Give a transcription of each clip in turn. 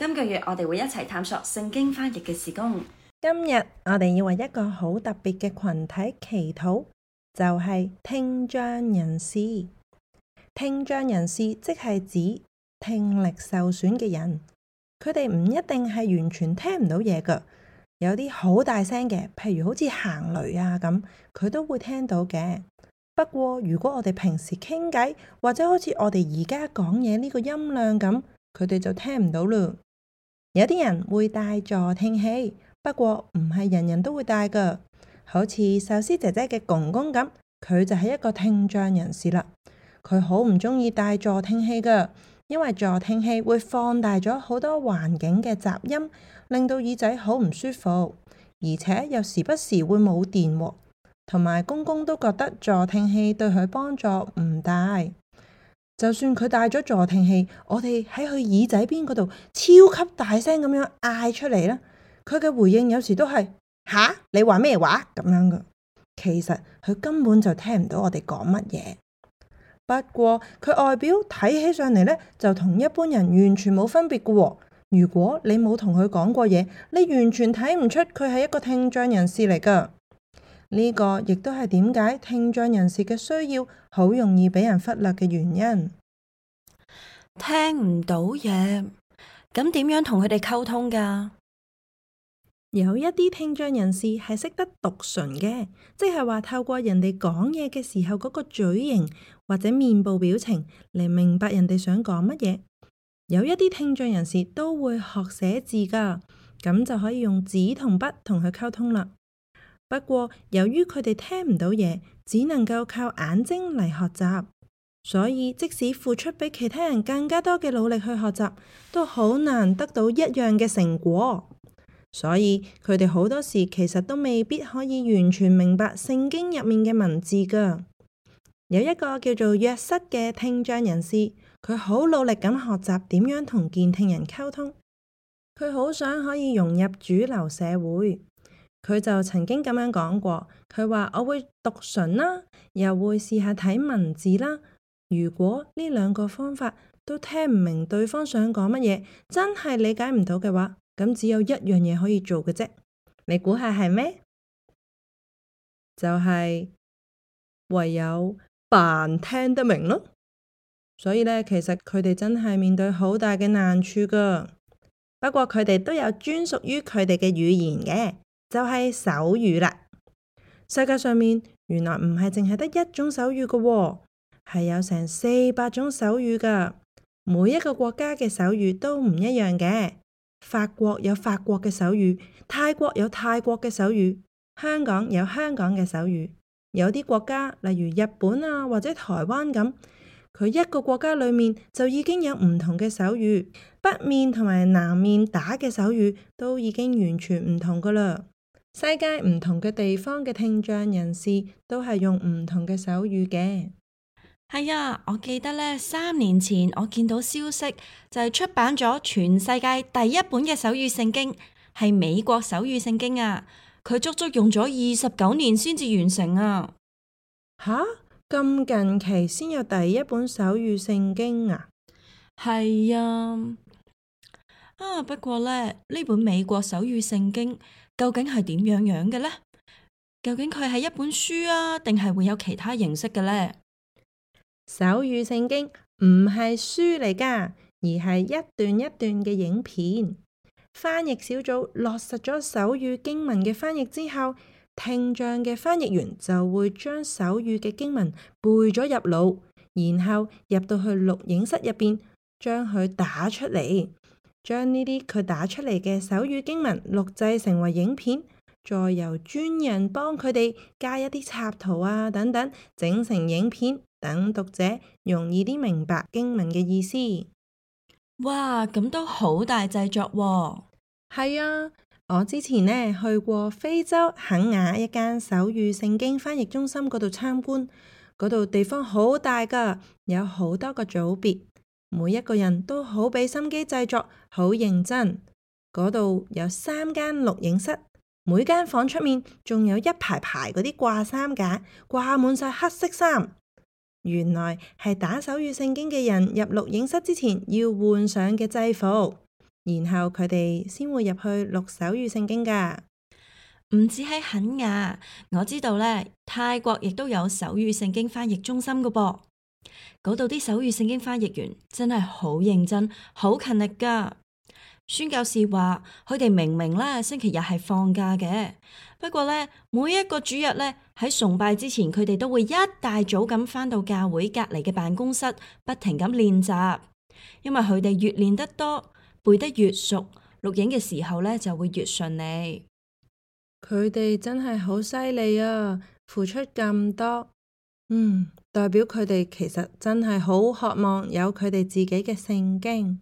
今個月我哋會一齊探索聖經翻譯嘅事工。今日我哋要為一個好特別嘅群體祈禱，就係聽障人士。聽障人士即係指聽力受損嘅人，佢哋唔一定係完全聽唔到嘢噶，有啲好大聲嘅，譬如好似行雷啊咁，佢都會聽到嘅。不過如果我哋平時傾偈或者好似我哋而家講嘢呢個音量咁，佢哋就聽唔到啦。有啲人會戴助聽器，不過唔係人人都會戴噶。好似壽司姐姐嘅公公咁，佢就係一個聽障人士啦。佢好唔中意戴助聽器噶，因為助聽器會放大咗好多環境嘅雜音，令到耳仔好唔舒服，而且又時不時會冇電，同埋公公都覺得助聽器對佢幫助唔大。就算佢戴咗助聽器，我哋喺佢耳仔邊嗰度超級大聲咁樣嗌出嚟啦，佢嘅回應有時都係吓，你話咩話？咁樣㗎。其實佢根本就聽唔到我哋講乜嘢。不過佢外表睇起上嚟咧，就同一般人完全冇分別㗎喎。如果你冇同佢講過嘢，你完全睇唔出佢係一個聽障人士嚟㗎。呢個亦都係點解聽障人士嘅需要好容易畀人忽略嘅原因。聽唔到嘢，咁點樣同佢哋溝通噶？有一啲聽障人士係識得讀唇嘅，即係話透過人哋講嘢嘅時候嗰個嘴型或者面部表情嚟明白人哋想講乜嘢。有一啲聽障人士都會學寫字噶，咁就可以用紙同筆同佢溝通啦。不過，由於佢哋聽唔到嘢，只能夠靠眼睛嚟學習，所以即使付出比其他人更加多嘅努力去學習，都好難得到一樣嘅成果。所以佢哋好多時其實都未必可以完全明白聖經入面嘅文字㗎。有一個叫做約瑟嘅聽障人士，佢好努力咁學習點樣同健聽人溝通，佢好想可以融入主流社會。佢就曾經咁樣講過，佢話，我會讀唇啦，又會試下睇文字啦。如果呢兩個方法都聽唔明對方想講乜嘢，真係理解唔到嘅話，咁只有一樣嘢可以做嘅啫。你估下係咩？就係唯有扮聽得明咯。所以咧，其實佢哋真係面對好大嘅難處噶。不過佢哋都有專屬於佢哋嘅語言嘅。就係手語啦。世界上面原來唔係淨係得一種手語噶喎，係有成四百種手語噶。每一個國家嘅手語都唔一樣嘅。法國有法國嘅手語，泰國有泰國嘅手語，香港有香港嘅手語。有啲國家，例如日本啊或者台灣咁啊，佢一個國家裏面就已經有唔同嘅手語，北面同埋南面打嘅手語都已經完全唔同噶啦。世界唔同嘅地方嘅聽障人士都係用唔同嘅手語嘅。係啊，我記得咧，三年前我見到消息就係出版咗全世界第一本嘅手語聖經，係美國手語聖經啊。佢足足用咗二十九年先至完成啊。吓？咁近期先有第一本手語聖經啊？係啊。啊！不過呢，呢本美國手語聖經究竟係點樣樣嘅呢？究竟佢係一本書啊，定係會有其他形式嘅呢？手語聖經唔係書嚟噶，而係一段一段嘅影片。翻譯小組落實咗手語經文嘅翻譯之後，聽障嘅翻譯員就會將手語嘅經文背咗入腦，然後入到去錄影室入邊，將佢打出嚟。將呢啲佢打出嚟嘅手語經文錄製成為影片，再由專人幫佢哋加一啲插圖啊等等，整成影片，等讀者容易啲明白經文嘅意思。哇，咁都好大製作喎！啊，係啊，我之前呢去過非洲肯雅一間手語聖經翻譯中心嗰度參觀，嗰度地方好大噶，有好多個組別。每一個人都好俾心機製作，好認真。嗰度有三間錄影室，每間房出面仲有一排排嗰啲掛衫架，掛滿晒黑色衫。原來係打手語聖經嘅人入錄影室之前要換上嘅制服，然後佢哋先會入去錄手語聖經噶。唔止係肯雅，我知道咧，泰國亦都有手語聖經翻譯中心噶噃。嗰度啲手語聖經翻譯員真係好認真，好勤力㗎。宣教士話佢哋明明咧星期日係放假嘅，不過咧每一個主日咧喺崇拜之前，佢哋都會一大早咁返到教會隔籬嘅辦公室，不停咁練習。因為佢哋越練得多，背得越熟，錄影嘅時候咧就會越順利。佢哋真係好犀利啊！付出咁多。嗯，代表佢哋其實真係好渴望有佢哋自己嘅聖經。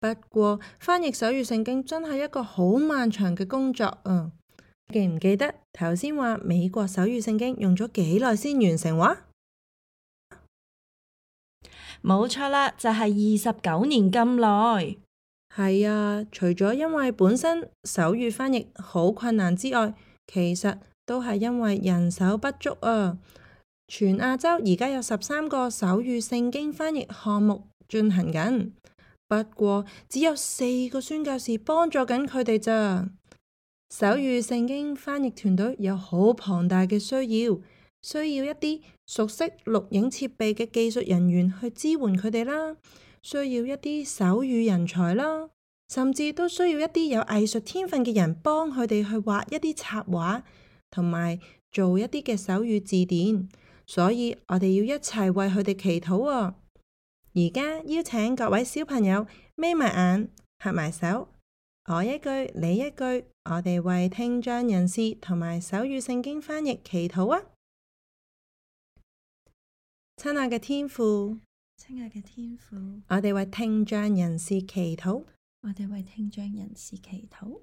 不過翻譯手語聖經真係一個好漫長嘅工作啊！記唔記得頭先話美國手語聖經用咗幾耐先完成話啊？冇錯啦，就係二十九年咁耐。係啊，除咗因為本身手語翻譯好困難之外，其實都係因為人手不足啊。全亞洲而家有十三個手語聖經翻譯項目進行緊，不過只有四個宣教士幫助緊佢哋咋。手語聖經翻譯團隊有好龐大嘅需要，需要一啲熟悉錄影設備嘅技術人員去支援佢哋啦，需要一啲手語人才啦，甚至都需要一啲有藝術天分嘅人幫佢哋去畫一啲插畫，同埋做一啲嘅手語字典。所以我哋要一齊為佢哋祈禱喎、哦。而家邀請各位小朋友眯埋眼、合埋手，我一句你一句，我哋為聽障人士同埋手語聖經翻譯祈禱啊！親愛嘅天父，親愛嘅天父，我哋為聽障人士祈禱，我哋為聽障人士祈禱。祈禱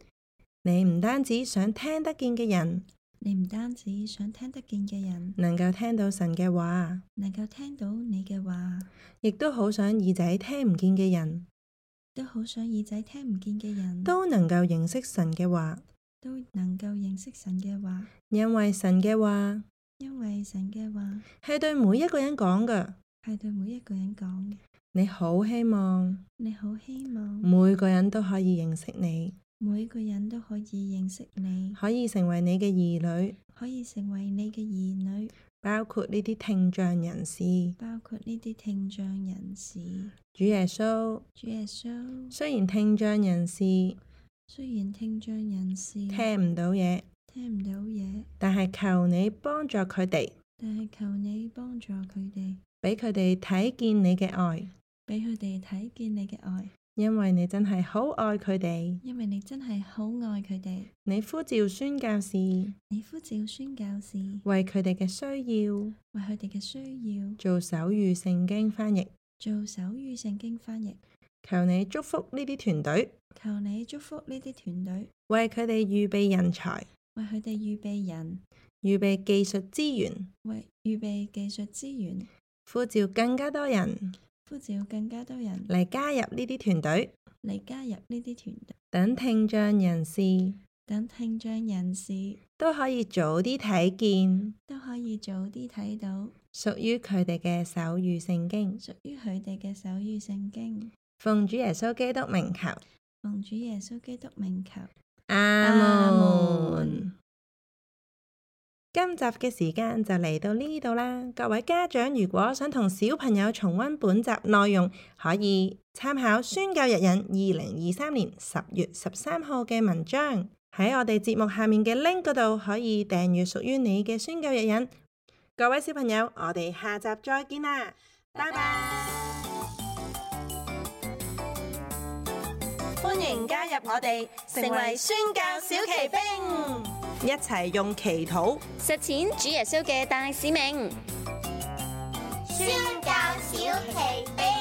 你唔單止想聽得見嘅人。你唔單止想聽得見嘅人能夠聽到神嘅話，能夠聽到你嘅話，亦都好想耳仔聽唔見嘅人，都好想耳仔聽唔見嘅人，都能夠認識神嘅話，都能夠認識神嘅話，因為神嘅話，因為神嘅話係對每一個人講嘅，係對每一個人講嘅。你好希望，你好希望每個人都可以認識你。每個人都可以認識你，可以成為你嘅兒女，可以成為你嘅兒女，包括呢啲聽障人士，包括呢啲聽障人士。主耶穌，主耶穌，雖然聽障人士，雖然聽障人士聽唔到嘢，聽唔到嘢，但係求你幫助佢哋，但係求你幫助佢哋，俾佢哋睇見你嘅愛，俾佢哋睇見你嘅愛。因為你真係好愛佢哋，因為你真係好愛佢哋，你呼召宣教士，你呼召宣教士，為佢哋嘅需要，為佢哋嘅需要，做手語聖經翻譯，做手語聖經翻譯，求你祝福呢啲團隊，求你祝福呢啲團隊，為佢哋預備人才，為佢哋預備人，預備技術資源，為預備技術資源，資源呼召更加多人。呼召更加多人嚟加入呢啲團隊，嚟加入呢啲團隊，等聽障人士，等聽障人士都可以早啲睇見，都可以早啲睇到屬於佢哋嘅手語聖經，屬於佢哋嘅手語聖經。奉主耶穌基督名求，奉主耶穌基督名求，阿門。今集嘅時間就嚟到呢度啦！各位家長，如果想同小朋友重溫本集內容，可以參考《宣教日引》二零二三年十月十三號嘅文章。喺我哋節目下面嘅 link 度可以訂閱屬於你嘅《宣教日引》。各位小朋友，我哋下集再見啦！拜拜！歡迎加入我哋，成為宣教小騎兵。一齊用祈禱實踐主耶穌嘅大使命。宣教小奇飛。